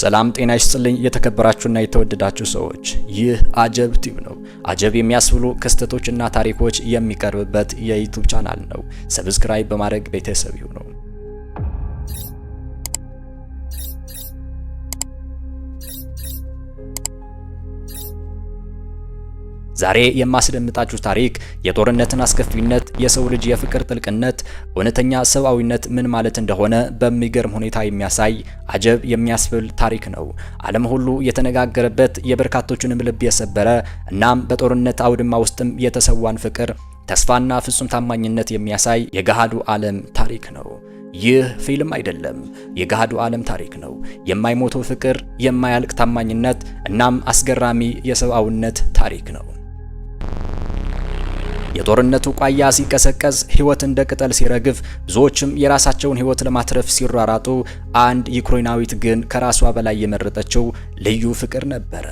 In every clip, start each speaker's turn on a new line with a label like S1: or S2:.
S1: ሰላም ጤና ይስጥልኝ። የተከበራችሁና የተወደዳችሁ ሰዎች ይህ አጀብ ቲዩብ ነው። አጀብ የሚያስብሉ ክስተቶችና ታሪኮች የሚቀርብበት የዩቱብ ቻናል ነው። ሰብስክራይብ በማድረግ ቤተሰብ ይሁኑ ነው ዛሬ የማስደምጣችሁ ታሪክ የጦርነትን አስከፊነት፣ የሰው ልጅ የፍቅር ጥልቅነት፣ እውነተኛ ሰብአዊነት ምን ማለት እንደሆነ በሚገርም ሁኔታ የሚያሳይ አጀብ የሚያስብል ታሪክ ነው። ዓለም ሁሉ የተነጋገረበት የበርካቶችንም ልብ የሰበረ እናም በጦርነት አውድማ ውስጥም የተሰዋን ፍቅር፣ ተስፋና ፍጹም ታማኝነት የሚያሳይ የገሃዱ ዓለም ታሪክ ነው። ይህ ፊልም አይደለም፣ የገሃዱ ዓለም ታሪክ ነው። የማይሞተው ፍቅር፣ የማያልቅ ታማኝነት እናም አስገራሚ የሰብአዊነት ታሪክ ነው። የጦርነቱ ቋያ ሲቀሰቀስ፣ ህይወት እንደ ቅጠል ሲረግፍ፣ ብዙዎችም የራሳቸውን ህይወት ለማትረፍ ሲሯራጡ፣ አንድ ዩክሬናዊት ግን ከራሷ በላይ የመረጠችው ልዩ ፍቅር ነበረ።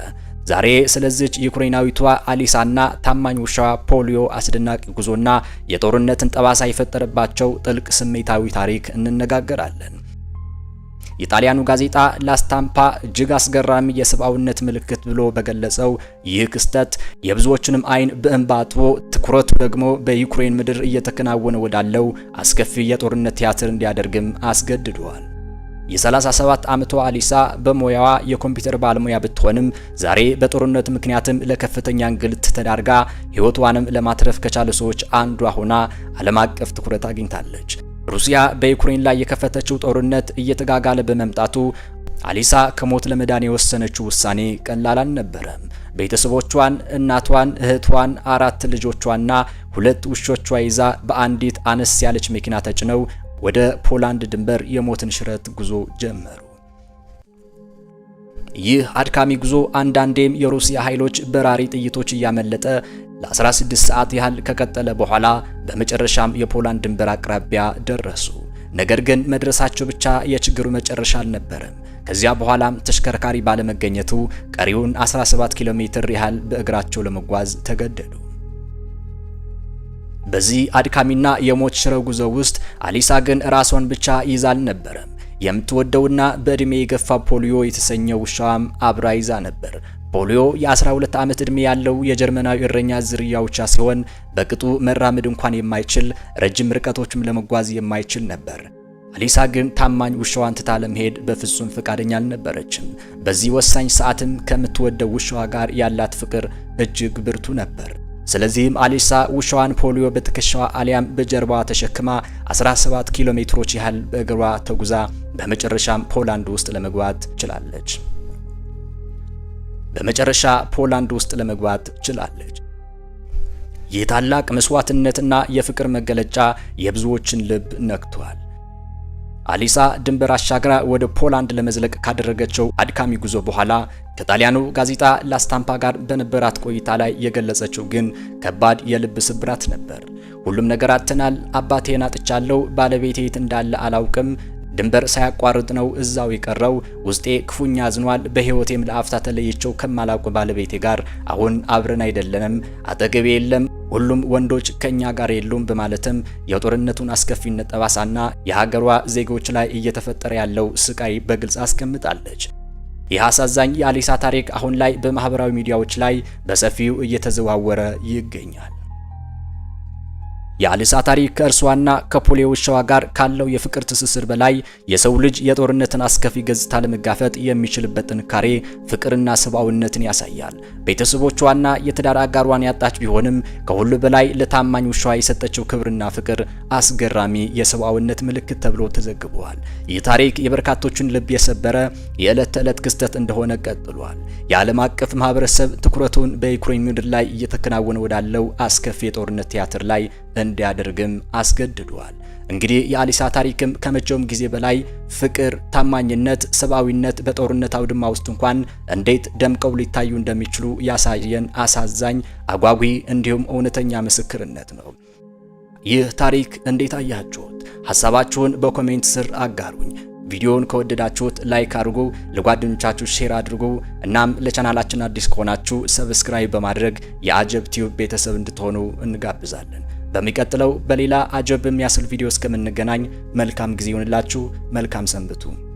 S1: ዛሬ ስለዚች ዩክሬናዊቷ አሊሳና ታማኝ ውሻ ፖሊዮ አስደናቂ ጉዞና የጦርነትን ጠባሳ የፈጠረባቸው ጥልቅ ስሜታዊ ታሪክ እንነጋገራለን። የጣሊያኑ ጋዜጣ ላስታምፓ እጅግ አስገራሚ የሰብአዊነት ምልክት ብሎ በገለጸው ይህ ክስተት የብዙዎችንም አይን በእንባ አጥቦ ትኩረቱ ደግሞ በዩክሬን ምድር እየተከናወነ ወዳለው አስከፊ የጦርነት ቲያትር እንዲያደርግም አስገድዷል። የ37 ዓመቷ አሊሳ በሙያዋ የኮምፒውተር ባለሙያ ብትሆንም ዛሬ በጦርነት ምክንያትም ለከፍተኛ እንግልት ተዳርጋ ሕይወቷንም ለማትረፍ ከቻሉ ሰዎች አንዷ ሆና ዓለም አቀፍ ትኩረት አግኝታለች። ሩሲያ በዩክሬን ላይ የከፈተችው ጦርነት እየተጋጋለ በመምጣቱ አሊሳ ከሞት ለመዳን የወሰነችው ውሳኔ ቀላል አልነበረም። ቤተሰቦቿን፣ እናቷን፣ እህቷን፣ አራት ልጆቿና ሁለት ውሾቿ ይዛ በአንዲት አነስ ያለች መኪና ተጭነው ወደ ፖላንድ ድንበር የሞትን ሽረት ጉዞ ጀመሩ። ይህ አድካሚ ጉዞ አንዳንዴም የሩሲያ ኃይሎች በራሪ ጥይቶች እያመለጠ ለ16 ሰዓት ያህል ከቀጠለ በኋላ በመጨረሻም የፖላንድ ድንበር አቅራቢያ ደረሱ። ነገር ግን መድረሳቸው ብቻ የችግሩ መጨረሻ አልነበረም። ከዚያ በኋላም ተሽከርካሪ ባለመገኘቱ ቀሪውን 17 ኪሎ ሜትር ያህል በእግራቸው ለመጓዝ ተገደዱ። በዚህ አድካሚና የሞት ሽረው ጉዞ ውስጥ አሊሳ ግን ራሷን ብቻ ይዛ አልነበረም። የምትወደውና በእድሜ የገፋ ፖሊዮ የተሰኘው ውሻዋም አብራ ይዛ ነበር። ፖሊዮ የ12 ዓመት ዕድሜ ያለው የጀርመናዊ እረኛ ዝርያ ብቻ ሲሆን በቅጡ መራመድ እንኳን የማይችል ረጅም ርቀቶችም ለመጓዝ የማይችል ነበር። አሊሳ ግን ታማኝ ውሻዋን ትታ ለመሄድ በፍጹም ፈቃደኛ አልነበረችም። በዚህ ወሳኝ ሰዓትም ከምትወደው ውሻዋ ጋር ያላት ፍቅር እጅግ ብርቱ ነበር። ስለዚህም አሊሳ ውሻዋን ፖሊዮ በትከሻዋ አሊያም በጀርባዋ ተሸክማ 17 ኪሎ ሜትሮች ያህል በእግሯ ተጉዛ በመጨረሻም ፖላንድ ውስጥ ለመግባት ችላለች። በመጨረሻ ፖላንድ ውስጥ ለመግባት ችላለች። ይህ ታላቅ መስዋዕትነትና የፍቅር መገለጫ የብዙዎችን ልብ ነክቷል። አሊሳ ድንበር አሻግራ ወደ ፖላንድ ለመዝለቅ ካደረገችው አድካሚ ጉዞ በኋላ ከጣሊያኑ ጋዜጣ ላስታምፓ ጋር በነበራት ቆይታ ላይ የገለጸችው ግን ከባድ የልብ ስብራት ነበር። ሁሉም ነገር አጥተናል፣ አባቴን አጥቻለሁ፣ ባለቤቴ የት እንዳለ አላውቅም፣ ድንበር ሳያቋርጥ ነው እዛው የቀረው። ውስጤ ክፉኛ አዝኗል። በህይወቴም ለአፍታ ተለየቸው ከማላውቅ ባለቤቴ ጋር አሁን አብረን አይደለንም። አጠገቤ የለም። ሁሉም ወንዶች ከኛ ጋር የሉም በማለትም የጦርነቱን አስከፊነት ጠባሳና የሀገሯ ዜጎች ላይ እየተፈጠረ ያለው ስቃይ በግልጽ አስቀምጣለች። ይህ አሳዛኝ የአሊሳ ታሪክ አሁን ላይ በማህበራዊ ሚዲያዎች ላይ በሰፊው እየተዘዋወረ ይገኛል። የአልሳ ታሪክ ከእርሷና ከፖሌ ውሻዋ ጋር ካለው የፍቅር ትስስር በላይ የሰው ልጅ የጦርነትን አስከፊ ገጽታ ለመጋፈጥ የሚችልበት ጥንካሬ፣ ፍቅርና ሰብአዊነትን ያሳያል። ቤተሰቦቿና የትዳር አጋሯን ያጣች ቢሆንም ከሁሉ በላይ ለታማኝ ውሻዋ የሰጠችው ክብርና ፍቅር አስገራሚ የሰብአዊነት ምልክት ተብሎ ተዘግቧል። ይህ ታሪክ የበርካቶችን ልብ የሰበረ የዕለት ተዕለት ክስተት እንደሆነ ቀጥሏል። የዓለም አቀፍ ማህበረሰብ ትኩረቱን በዩክሬን ምድር ላይ እየተከናወነ ወዳለው አስከፊ የጦርነት ቲያትር ላይ እንዲያደርግም አስገድዷል። እንግዲህ የአሊሳ ታሪክም ከመቼውም ጊዜ በላይ ፍቅር፣ ታማኝነት፣ ሰብአዊነት በጦርነት አውድማ ውስጥ እንኳን እንዴት ደምቀው ሊታዩ እንደሚችሉ ያሳየን አሳዛኝ፣ አጓጊ እንዲሁም እውነተኛ ምስክርነት ነው። ይህ ታሪክ እንዴት አያችሁት? ሀሳባችሁን በኮሜንት ስር አጋሩኝ። ቪዲዮውን ከወደዳችሁት ላይክ አድርጉ፣ ለጓደኞቻችሁ ሼር አድርጉ። እናም ለቻናላችን አዲስ ከሆናችሁ ሰብስክራይብ በማድረግ የአጀብ ቲዩብ ቤተሰብ እንድትሆኑ እንጋብዛለን። በሚቀጥለው በሌላ አጀብ የሚያስል ቪዲዮ እስከምንገናኝ መልካም ጊዜ ይሁንላችሁ። መልካም ሰንብቱ።